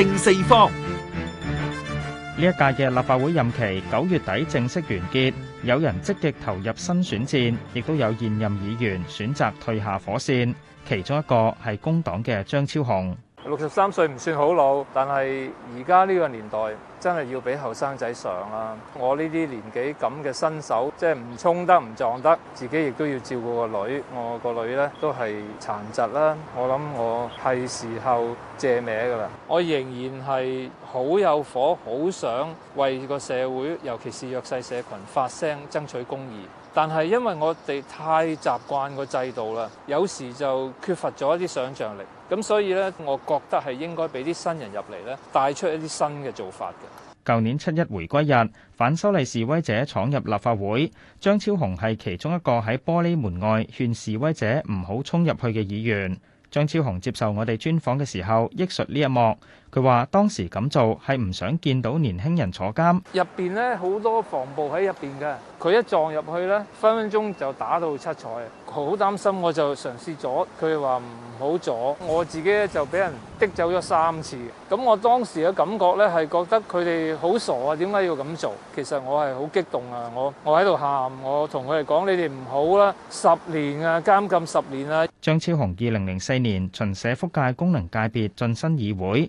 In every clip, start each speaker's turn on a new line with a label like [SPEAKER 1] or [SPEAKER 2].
[SPEAKER 1] 正四方，呢一屆嘅立法會任期九月底正式完結，有人積極投入新選戰，亦都有現任議員選擇退下火線，其中一個係工黨嘅張超雄。
[SPEAKER 2] 六十三歲唔算好老，但係而家呢個年代真係要俾後生仔上啦。我呢啲年紀咁嘅身手，即係唔衝得唔撞得，自己亦都要照顧個女。我個女呢都係殘疾啦，我諗我係時候借名㗎啦。我仍然係好有火，好想為個社會，尤其是弱勢社群發聲，爭取公義。但係因為我哋太習慣個制度啦，有時就缺乏咗一啲想像力咁，所以呢，我覺得係應該俾啲新人入嚟呢帶出一啲新嘅做法嘅。
[SPEAKER 1] 舊年七一回歸日，反修例示威者闖入立法會，張超雄係其中一個喺玻璃門外勸示威者唔好衝入去嘅議員。張超雄接受我哋專訪嘅時候，憶述呢一幕。佢話：當時咁做係唔想見到年輕人坐監。
[SPEAKER 2] 入邊咧好多防暴喺入邊嘅，佢一撞入去咧，分分鐘就打到七彩。好擔心，我就嘗試阻，佢話唔好阻。我自己咧就俾人逼走咗三次。咁我當時嘅感覺咧係覺得佢哋好傻啊，點解要咁做？其實我係好激動啊！我我喺度喊，我同佢哋講：你哋唔
[SPEAKER 1] 好啦，十年啊，監禁十年啊！張超雄，二零零四年循社福界功能界別晉身議會。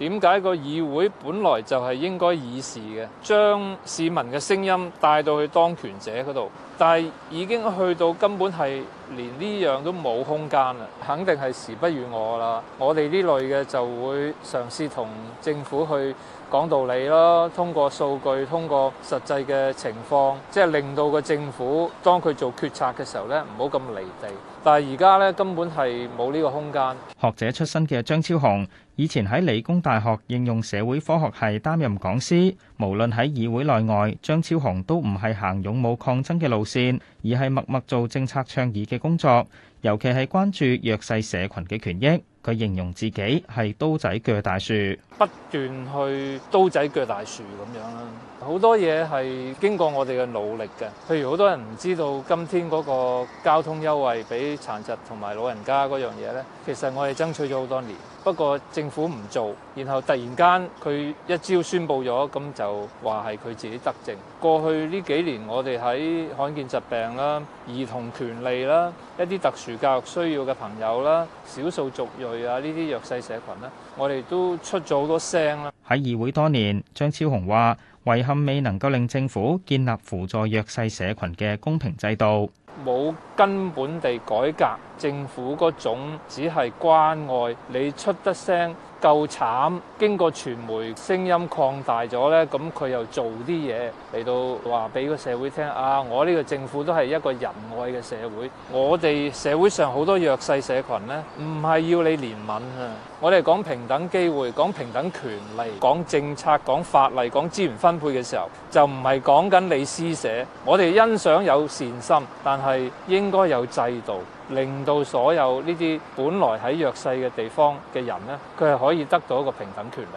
[SPEAKER 2] 點解個議會本來就係應該議事嘅，將市民嘅聲音帶到去當權者嗰度，但係已經去到根本係。連呢樣都冇空間啦，肯定係時不如我啦。我哋呢類嘅就會嘗試同政府去講道理咯，通過數據，通過實際嘅情況，即係令到個政府當佢做決策嘅時候咧，唔好咁離地。但係而家咧根本係冇呢個空間。
[SPEAKER 1] 學者出身嘅張超雄，以前喺理工大學應用社會科學系擔任講師。無論喺議會內外，張超雄都唔係行勇武抗爭嘅路線，而係默默做政策倡議嘅工作，尤其係關注弱勢社群嘅權益。佢形容自己係刀仔鋸大樹，
[SPEAKER 2] 不斷去刀仔鋸大樹，咁樣啦。好多嘢係經過我哋嘅努力嘅，譬如好多人唔知道今天嗰個交通優惠俾殘疾同埋老人家樣嘢咧，其實我哋爭取咗好多年，不過政府唔做，然後突然間，佢一朝宣佈咗，咁就話，係佢自己德政。過去呢幾年，我哋喺罕見疾病啦、兒童權利啦、一啲特殊教育需要嘅朋友啦、少數族裔。啊，呢啲弱勢社群啦，我哋都出咗好多聲啦。
[SPEAKER 1] 喺議會多年，張超雄話：遺憾未能夠令政府建立輔助弱勢社群嘅公平制度，
[SPEAKER 2] 冇根本地改革。政府嗰種只係關愛，你出得聲。夠慘，經過傳媒聲音擴大咗呢。咁佢又做啲嘢嚟到話俾個社會聽啊！我呢個政府都係一個仁愛嘅社會，我哋社會上好多弱勢社群呢，唔係要你憐憫啊！我哋講平等機會，講平等權利，講政策，講法例，講資源分配嘅時候，就唔係講緊你施捨。我哋欣賞有善心，但係應該有制度。令到所有呢啲本來喺弱勢嘅地方嘅人咧，佢係可以得到一個平等權利。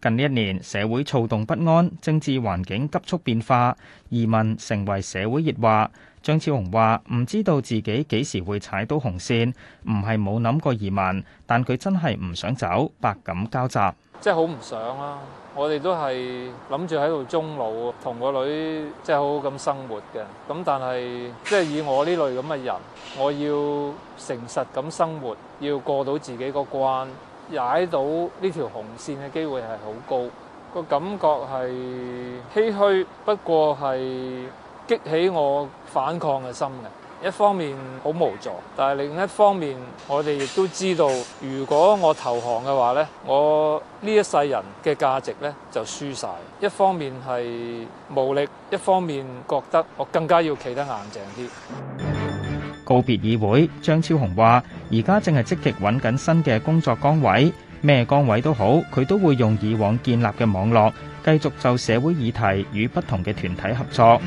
[SPEAKER 1] 近呢一年，社會躁動不安，政治環境急速變化，移民成為社會熱話。張超雄話：唔知道自己幾時會踩到紅線，唔係冇諗過移民，但佢真係唔想走，百感交集。
[SPEAKER 2] 即係好唔想啦，我哋都係諗住喺度終老，同個女即係好好咁生活嘅。咁但係即係以我呢類咁嘅人，我要誠實咁生活，要過到自己個關。踩到呢條紅線嘅機會係好高，個感覺係唏噓，不過係激起我反抗嘅心嘅。一方面好無助，但係另一方面，我哋亦都知道，如果我投降嘅話呢，我呢一世人嘅價值呢就輸晒。一方面係無力，一方面覺得我更加要企得硬淨啲。
[SPEAKER 1] 告別議會，張超雄話：而家正係積極揾緊新嘅工作崗位，咩崗位都好，佢都會用以往建立嘅網絡，繼續就社會議題與不同嘅團體合作。